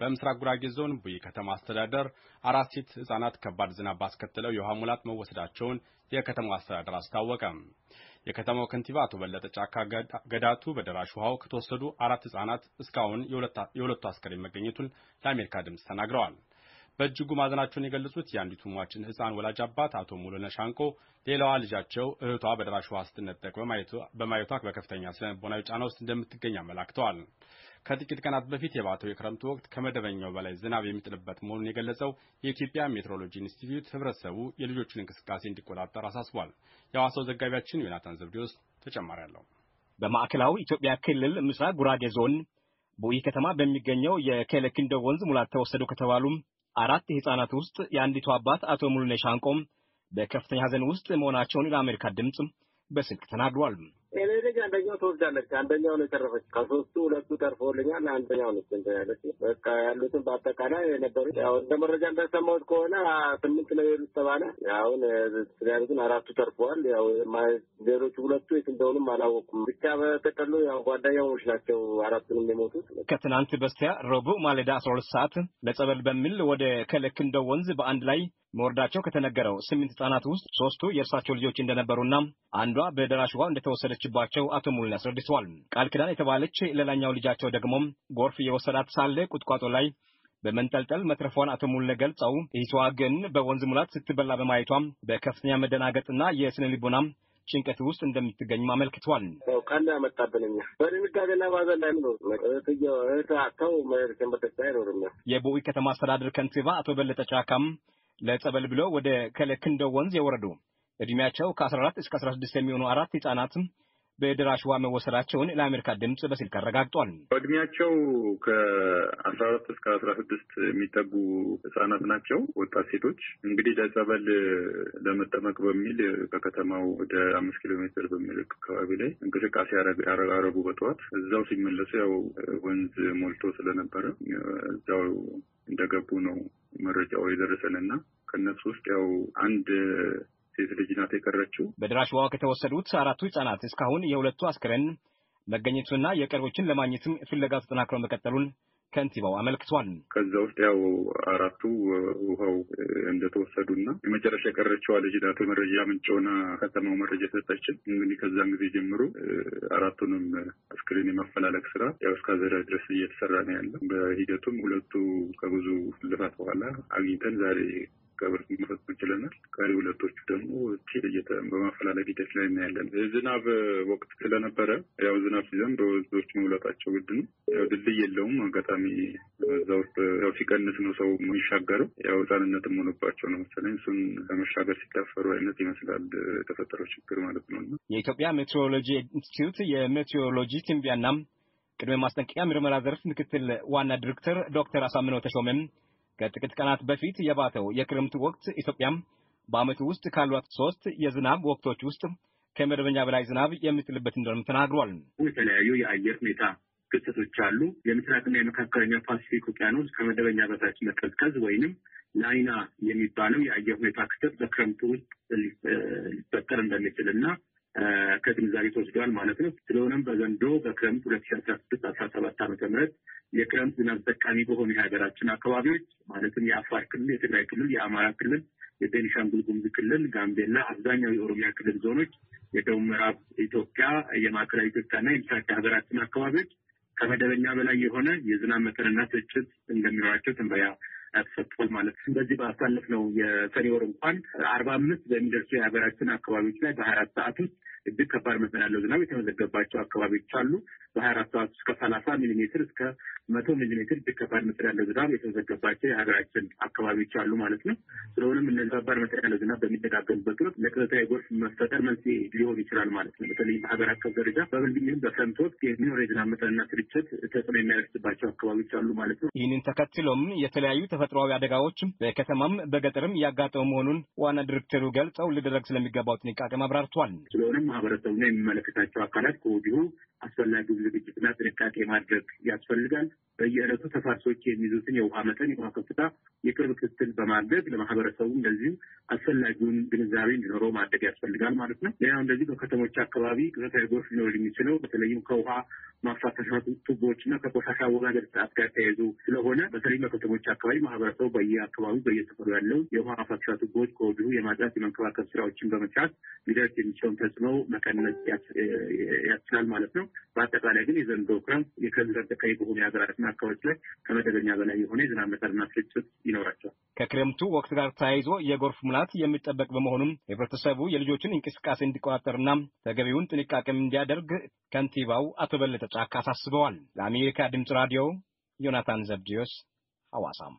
በምስራቅ ጉራጌ ዞን ቡይ ከተማ አስተዳደር አራት ሴት ህጻናት ከባድ ዝናብ ባስከተለው የውሃ ሙላት መወሰዳቸውን የከተማው አስተዳደር አስታወቀ። የከተማው ከንቲባ አቶ በለጠ ጫካ ገዳቱ በደራሽ ውሃው ከተወሰዱ አራት ህጻናት እስካሁን የሁለቱ አስከሬን መገኘቱን ለአሜሪካ ድምፅ ተናግረዋል። በእጅጉ ማዘናቸውን የገለጹት የአንዲቱ ሟችን ህፃን ወላጅ አባት አቶ ሙሉነ ሻንቆ ሌላዋ ልጃቸው እህቷ በደራሽ ውሃ ስትነጠቅ በማየቷ በከፍተኛ ስነልቦናዊ ጫና ውስጥ እንደምትገኝ አመላክተዋል። ከጥቂት ቀናት በፊት የባተው የክረምቱ ወቅት ከመደበኛው በላይ ዝናብ የሚጥልበት መሆኑን የገለጸው የኢትዮጵያ ሜትሮሎጂ ኢንስቲትዩት ህብረተሰቡ የልጆቹን እንቅስቃሴ እንዲቆጣጠር አሳስቧል። የሐዋሳው ዘጋቢያችን ዮናታን ዘብዴዎስ ተጨማሪ አለው። በማዕከላዊ ኢትዮጵያ ክልል ምስራቅ ጉራጌ ዞን ቡኢ ከተማ በሚገኘው የኬለኪንዶ ወንዝ ሙላት ተወሰዱ ከተባሉ አራት ህጻናት ውስጥ የአንዲቱ አባት አቶ ሙሉኔ ሻንቆም በከፍተኛ ሀዘን ውስጥ መሆናቸውን ለአሜሪካ ድምፅ በስልክ ተናግሯል። እኔ ልጅ አንደኛው ተወስዳለች። አንደኛው ነው የተረፈች። ከሶስቱ ሁለቱ ተርፎልኛል። አንደኛው ነች እንትን ያለች። በቃ ያሉትን በአጠቃላይ የነበሩ ያው እንደ መረጃ እንዳሰማሁት ከሆነ ስምንት ነው የሉት ተባለ። አሁን ስለያሉትን አራቱ ተርፈዋል። ያው ሌሎቹ ሁለቱ የት እንደሆኑም አላወቁም። ብቻ በተቀሉ ያው ጓደኛሞች ናቸው አራቱንም የሞቱት። ከትናንት በስቲያ ረቡዕ ማለዳ አስራ ሁለት ሰዓት ለጸበል በሚል ወደ ከለክንዶ ወንዝ በአንድ ላይ መወርዳቸው ከተነገረው ስምንት ህጻናት ውስጥ ሶስቱ የእርሳቸው ልጆች እንደነበሩና አንዷ በደራሽዋ እንደተወሰደች እንደደረሰችባቸው አቶ ሙሉን አስረድተዋል። ቃል ኪዳን የተባለች ሌላኛው ልጃቸው ደግሞ ጎርፍ የወሰዳት ሳለ ቁጥቋጦ ላይ በመንጠልጠል መትረፏን አቶ ሙለ ገልጸው እህቷ ግን በወንዝ ሙላት ስትበላ በማየቷ በከፍተኛ መደናገጥና የስነ ልቦና ጭንቀት ውስጥ እንደምትገኝም አመልክተዋል። ካለ ያመጣብን በድንጋጤና ባዘን ላይ ምኖር እህታተው አይኖርም። የቦዊ ከተማ አስተዳደር ከንቲባ አቶ በለጠ ጫካም ለጸበል ብሎ ወደ ከለክንደው ወንዝ የወረዱ እድሜያቸው ከ14 እስከ 16 የሚሆኑ አራት ህጻናት በደራሽዋ መወሰዳቸውን ለአሜሪካ ድምፅ በስልክ አረጋግጧል። እድሜያቸው ከአስራ አራት እስከ አስራ ስድስት የሚጠጉ ህጻናት ናቸው። ወጣት ሴቶች እንግዲህ ለጸበል ለመጠመቅ በሚል ከከተማው ወደ አምስት ኪሎ ሜትር በሚል አካባቢ ላይ እንቅስቃሴ አረጉ። በጠዋት እዛው ሲመለሱ ያው ወንዝ ሞልቶ ስለነበረ እዛው እንደገቡ ነው መረጃው የደረሰን እና ከእነሱ ውስጥ ያው አንድ ሴት ልጅ ናት የቀረችው። በደራሽ ዋዋ ከተወሰዱት አራቱ ህጻናት እስካሁን የሁለቱ አስክሬን መገኘቱና የቀሪዎችን ለማግኘትም ፍለጋ ተጠናክረው መቀጠሉን ከንቲባው አመልክቷል። ከዛ ውስጥ ያው አራቱ ውሃው እንደተወሰዱና የመጨረሻ የቀረችዋ ልጅ ናት መረጃ ምንጭ ሆና ከተማው መረጃ ሰጠችን። እንግዲህ ከዛን ጊዜ ጀምሮ አራቱንም አስክሬን የማፈላለግ ስራ ያው እስከ ዛሬ ድረስ እየተሰራ ነው ያለው። በሂደቱም ሁለቱ ከብዙ ልፋት በኋላ አግኝተን ዛሬ ከብርት መፈጸም ችለናል። ቀሪ ሁለቶቹ ደግሞ በማፈላለግ ሂደት ላይ እናያለን። ዝናብ ወቅት ስለነበረ ያው ዝናብ ሲዘንብ ወንዞች መሙላታቸው ግድ ነው። ያው ድልድይ የለውም። አጋጣሚ እዛ ውስጥ ያው ሲቀንስ ነው ሰው የሚሻገረው። ያው ሕጻንነትም ሆኖባቸው ነው መሰለኝ እሱን ለመሻገር ሲዳፈሩ አይነት ይመስላል የተፈጠረው ችግር ማለት ነው። የኢትዮጵያ ሜትሮሎጂ ኢንስቲትዩት የሜትሮሎጂ ትንቢያና ቅድመ ማስጠንቀቂያ ምርመራ ዘርፍ ምክትል ዋና ዲሬክተር ዶክተር አሳምነው ተሾመም ከጥቂት ቀናት በፊት የባተው የክረምት ወቅት ኢትዮጵያ በዓመቱ ውስጥ ካሏት ሶስት የዝናብ ወቅቶች ውስጥ ከመደበኛ በላይ ዝናብ የምትልበት እንደሆነም ተናግሯል። የተለያዩ የአየር ሁኔታ ክስተቶች አሉ። የምስራቅና የመካከለኛ ፓሲፊክ ውቅያኖስ ከመደበኛ በታች መቀዝቀዝ ወይንም ላይና የሚባለው የአየር ሁኔታ ክስተት በክረምቱ ውስጥ ሊፈጠር እንደሚችል እና ከግንዛቤ ተወስዷል ማለት ነው። ስለሆነም በዘንዶ በክረምት ሁለት ሺ አስራ ስድስት አስራ ሰባት ዓመተ ምህረት የክረምት ዝናብ ተጠቃሚ በሆኑ የሀገራችን አካባቢዎች ማለትም የአፋር ክልል፣ የትግራይ ክልል፣ የአማራ ክልል፣ የቤኒሻንጉል ጉሙዝ ክልል፣ ጋምቤላ፣ አብዛኛው የኦሮሚያ ክልል ዞኖች፣ የደቡብ ምዕራብ ኢትዮጵያ፣ የማዕከላዊ ኢትዮጵያና የምስራቅ ሀገራችን አካባቢዎች ከመደበኛ በላይ የሆነ የዝናብ መጠንና ስርጭት እንደሚኖራቸው ትንበያ ተሰጥቷል ማለት ነው። በዚህ ባሳለፍነው የሰኔ ወር እንኳን አርባ አምስት በሚደርሱ የሀገራችን አካባቢዎች ላይ በሀያ አራት ሰዓት ውስጥ እጅግ ከባድ መጠን ያለው ዝናብ የተመዘገባቸው አካባቢዎች አሉ። በሀያ አራት ሰዓት ውስጥ ከሰላሳ ሚሊሜትር እስከ መቶ ሚሊሜትር እጅግ ከባድ መጠን ያለው ዝናብ የተመዘገባቸው የሀገራችን አካባቢዎች አሉ ማለት ነው። ስለሆነም እነዚህ ከባድ መጠን ያለው ዝናብ በሚደጋገሙበት ወቅት ለቅጽበታዊ የጎርፍ መፈጠር መንስኤ ሊሆን ይችላል ማለት ነው። በተለይ በሀገር አቀፍ ደረጃ በበልግኝም በክረምት ወቅት የሚኖር የዝናብ መጠንና ስርጭት ተጽዕኖ የሚያደርስባቸው አካባቢዎች አሉ ማለት ነው። ይህንን ተከትሎም የተለያዩ ተፈ ተፈጥሯዊ አደጋዎች በከተማም በገጠርም ያጋጠሙ መሆኑን ዋና ዲሬክተሩ ገልጸው ሊደረግ ስለሚገባው ጥንቃቄ አብራርቷል። ስለሆነም ማህበረሰቡና የሚመለከታቸው አካላት ከወዲሁ አስፈላጊውን ዝግጅትና ጥንቃቄ ማድረግ ያስፈልጋል። በየዕለቱ ተፋርሶች የሚይዙትን የውሃ መጠን፣ የውሃ ከፍታ የቅርብ ክትትል በማድረግ ለማህበረሰቡ እንደዚሁ አስፈላጊውን ግንዛቤ እንዲኖረው ማድረግ ያስፈልጋል ማለት ነው። ሌላው እንደዚህ በከተሞች አካባቢ ቅጽበታዊ ጎርፍ ሊኖር የሚችለው በተለይም ከውሃ ማፋሰሻ ቱቦዎች እና ከቆሻሻ አወጋገድ ስርዓት ጋር ተያይዞ ስለሆነ በተለይም በከተሞች አካባቢ ማህበረሰቡ በየአካባቢ በየሰፈሩ ያለው የውሃ ማፋሰሻ ቱቦዎች ከወዲሁ የማጽዳት የመንከባከብ ስራዎችን በመስራት ሊደርስ የሚችለውን ተጽዕኖ መቀነስ ያስችላል ማለት ነው። በአጠቃላይ ግን የዘንዶ ክረምት የክረምት ተከይ በሆኑ የሀገራችን አካባቢዎች ላይ ከመደበኛ በላይ የሆነ የዝናብ መጠንና ስርጭት ይኖራቸዋል። ከክረምቱ ወቅት ጋር ተያይዞ የጎርፍ ሙላት የሚጠበቅ በመሆኑም ህብረተሰቡ የልጆችን እንቅስቃሴ እንዲቆጣጠርና ተገቢውን ጥንቃቄም እንዲያደርግ ከንቲባው አቶ በለጠ ጫካ አሳስበዋል። ለአሜሪካ ድምፅ ራዲዮ ዮናታን ዘብዲዮስ ሐዋሳም